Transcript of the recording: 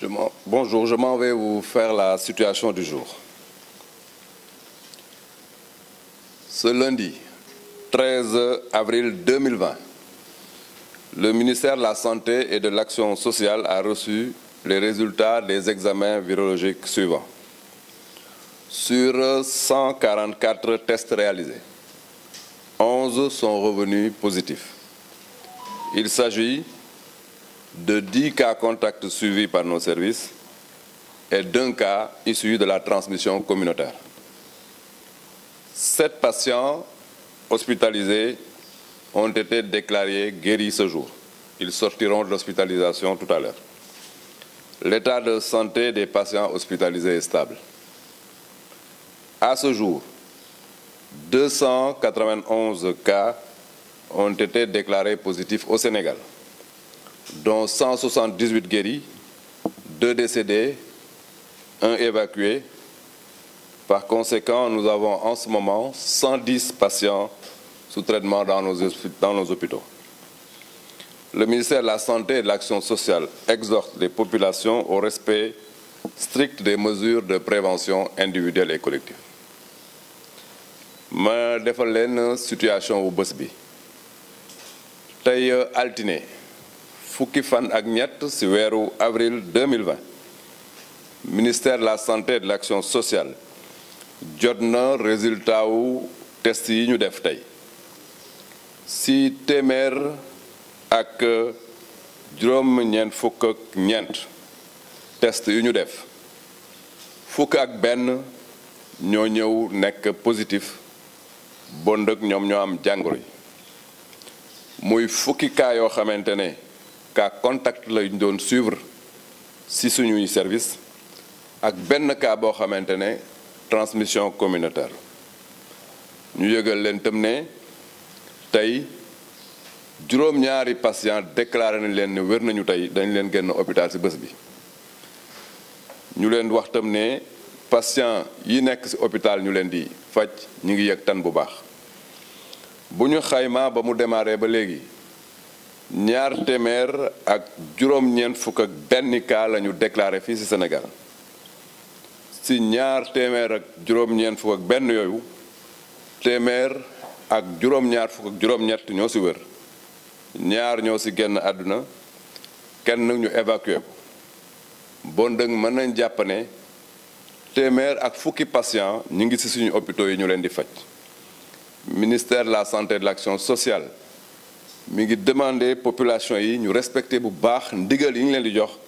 Je Bonjour, je la situation du jour. Ce lundi 13 avril 2020, le ministère la Santé et de l'Action sociale a les résultats des examens virologiques suivants. Sur 144 tests réalisés, 11 sont revenus de 10 cas contacts suivis par nos services et d'un cas issu de la transmission communautaire. Sept patients hospitalisés ont été déclarés guéris ce jour. Ils sortiront de l'hospitalisation tout à l'heure. L'état de santé des patients hospitalisés stable. À ce jour, 291 cas ont été déclarés positifs au Sénégal. dont 178 guéris, 2 décédés, 1 évacué. Par conséquent, nous avons en ce moment 110 patients sous traitement dans nos, dans nos hôpitaux. Le ministère de la Santé et de l'Action sociale exhorte les populations au respect strict des mesures de prévention individuelle et collective. ma defal leen situation bu bés bi tey euh, altiné fukki fan ak ñett ci weeru avril 2020 ministère de la santé de l'action sociale jot na résultat wu test yi ñu def tey ci téeméer ak juróom ñeent test yu ñu def fukk ak benn ñoo ñëw nekk positif bond ak ñoom ñoo am jàngoro yi muy fukki yoo xamante ne cas contact lañ doon suivre si suñuy service ak benn cas boo xamante ne transmission communautaire ñu yëgal leen tam ne tey juróom-ñaari patient déclaré nañ leen ne wér nañu tey dañ leen génn hôpital si bés bi ñu leen wax tam ne patient yi nekk si hôpital ñu leen di faj ñu ngi yëg tan bu baax bu ñu xaymaa ba mu démarré ba léegi ñaar téeméer ak juróom-ñeent fukk ak benn cas la ñu déclaré fii ci Sénégal ci ñaar téeméer ak juróom-ñeent fukk ak benn yooyu téeméer ak juróom-ñaar fukk ak juróom-ñett ñoo ci wër ñaar ñoo ci génn àdduna kenn ñu évacué ko bon dëng mën nañ jàpp ne téeméer ak fukki patient ñu ngi ci suñu hôpitaux yi ñu leen di faj ministère de la santé et de l'action sociale mi ngi demander population yi ñu respecter bu baax ndigal yi ñu leen di jox